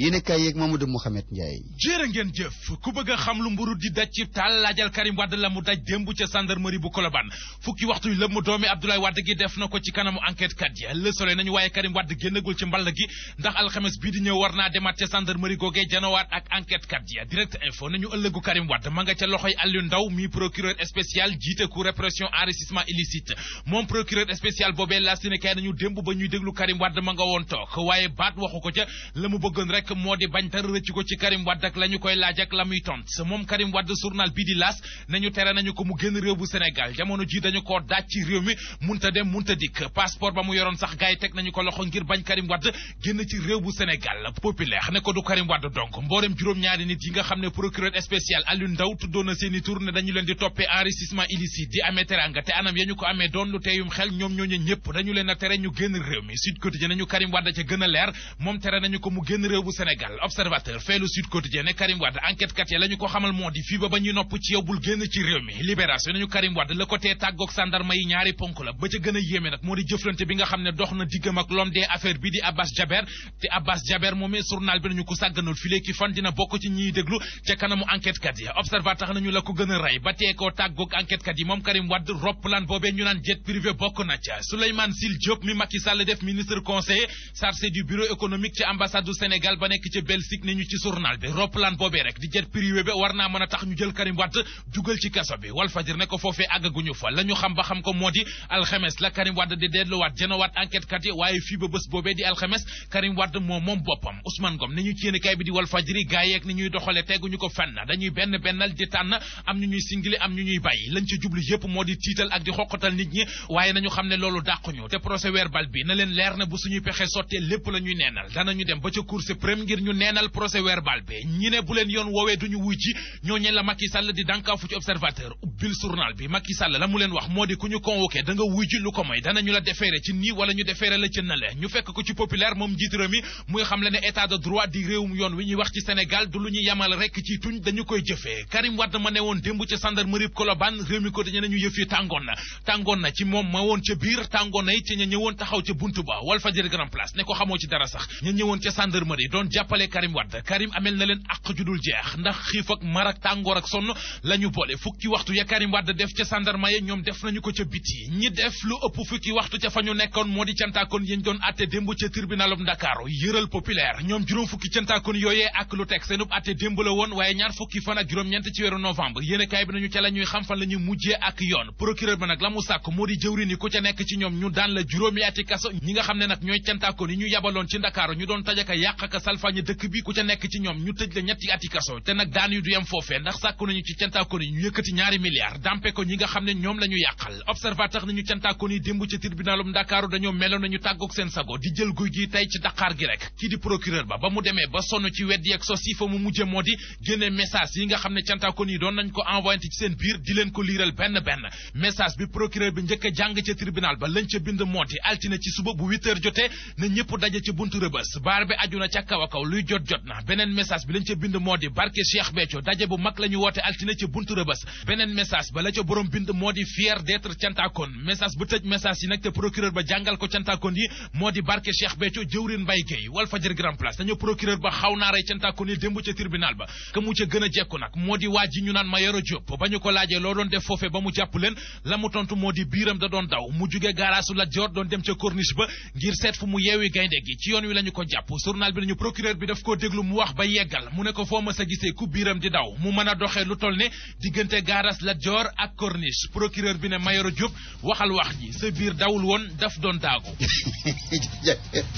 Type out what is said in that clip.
yéene kaay yeeg Mamadou Mouhamed Ndiaye jërë ngeen jëf ku bëgg xam lu mburu di daj ci taal laajal Karim Wade la mu daj démb ca gendarmerie bu Colobane fukki waxtu lëm mu doomi Abdoulaye Wade gi def na ko ci kanamu enquête kat ya Le Soleil nañu waaye Karim Wade génnagul ci mball gi ndax alxames bii di ñëw war naa ca gendarmerie googee janowaat ak enquête kat ya info nañu ëllëgu Karim Wade ma nga ca loxoy Aliou Ndao mi procureur spécial jiite ku répression enrichissement illicite moom procureur spécial la si ba ñuy déglu Karim Wade ma nga woon toog waaye baat waxu ko rek rek moo di bañ tara rëcc ko ci Karim Wade ak la ñu koy laaj ak la muy tont moom Karim Wade journal bi di laas nañu tere nañu ko mu génn réew bu Sénégal jamono ji dañu koo daaj ci réew mi munta dem munta dikk passeport ba mu yoroon sax gars teg nañu ko loxo ngir bañ Karim Wade génn ci réew bu Sénégal populaire ne ko du Karim Wade donc mboolem juróom-ñaari nit yi nga xam ne procureur spécial Aliou Ndao tuddoon seeni tur ne dañu leen di toppee enrichissement illicite a tere ñu génn Sénégal observateur feelu Sud Quotidien ne Karim Wade enquête kat ya ko xamal moo di fii ba ba ñuy nopp ci yow génn ci réew mi libération nañu Karim la ko tee tàggoog sàndarma yi ñaari ponk la ba ca gën a yéeme nag moo di jëflante bi nga xam ne dox na diggam ak l'homme des affaires bi di Abbas Jaber te Abbas Jaber moomee journal bi nañu ko sàgganul filee ki fan dina bokk ci ñiy déglu ca kanamu enquête kat ya observateur nañu la ko gën rey ba tee ba ba nekk ca Belgique ne ñu ci journal bi roplaan boobee rek di jet privé ba war naa mën a tax ñu jël Karim Wade dugal ci kaso bi Walf ne ko foofee àggaguñu fa la xam ba xam ko moo di alxames la Karim di delluwaat jenowaat enquête yi waaye fii ba bés boobee di alxames Karim Wade boppam Ousmane Ngom ne ñu ci yéene bi di Walf Fadjri gaay ni ñuy doxale teguñu ko fenn dañuy benn bennal di tànn am ñu ñuy singili am ñu ñuy bàyyi lañ ci jublu dem ngir ñu neenal procès verbal bi ñi ne bu leen yoon woowee duñu wuy ci ñooñu la Macky Sall di dànkaafu ci observateur ubbil journal bi Macky Sall la mu leen wax moo di ku ñu convoqué da nga wuy ji lu ko may danañu la defeere ci nii wala ñu defeere la ci nale ñu fekk ko ci populaire moom njiit réew muy xam le ne état de droit di réewum yoon wi ñuy wax ci Sénégal du lu ñu yamal rek ci tuñ dañu koy jëfee Karim Wade ma ne woon démb ca gendarmerie jàppale Karim Wade Karim amel na leen àq ju dul jeex ndax xiif ak mar ak tàngoor ak sonn la ñu boole fukki waxtu ya Karim Wade def ca sandarma ya ñoom def nañu ko ca biti ñi def lu ëpp fukki waxtu ca fa ñu nekkoon moo di cantaakoon yi ñu doon atte démb ca tribunalum Dakar yëral populaire ñoom juróom fukki cantaakoon yooyee ak lu teg seenub atte démb la woon waaye ñaar fukki fan juróom-ñeent ci weeru novembre yéenekaay bi nañu ca la ñuy ak yoon procureur ba nag la mu ñu daan la kaso ñi nga xam ne nag ñooy cantaakoon yi ñu yabaloon ci Dakar ñu doon tajaka yàq salfaañe dëkk bi ku ca nekk ci ñoom ñu tëj la ñetti ati te nag daan du yem foofee ndax sàkku nañu ci cantaakon ñu yëkkati ñaari milliards dampe ko ñi nga xam ne ñoom la yàqal observateur nañu cantaakon yi démb ci Ndakaaru dañoo meloon nañu tàggook seen sago di jël guy gi tey ci Dakar gi rek kii di procureur ba ba mu demee ba sonn ci weddi ak sos yi mu mujje moo di génne message yi nga xam ne cantaakon doon nañ ko envoyé kaw a luy jot jot na beneen message bi lañ ca bind moo di barke Cheikh Béthio daje bu mag la woote altine ca buntu rëbës beneen message ba la ca borom bind moo di fier d'être cantakoon message bu tëj message yi nag te procureur ba jàngal ko cantakoon yi moo di barke Cheikh Béthio jëwrin Mbaye Guèye wal fajar grand place dañu procureur ba xaw naa rey yi démb ca tribunal ba ka mu ca gën a jekku nag moo di waa ji ñu naan Mayoro Diop ba ñu ko procureur bi daf koo déglu mu wax ba yeggal mu ne ko foo ma sa gisee ku biiram di daw mu mën a doxee lu toll ne diggante gaaras la Joor ak corniche procureur bi ne a Diop waxal wax ji sa biir dawul woon daf doon daagu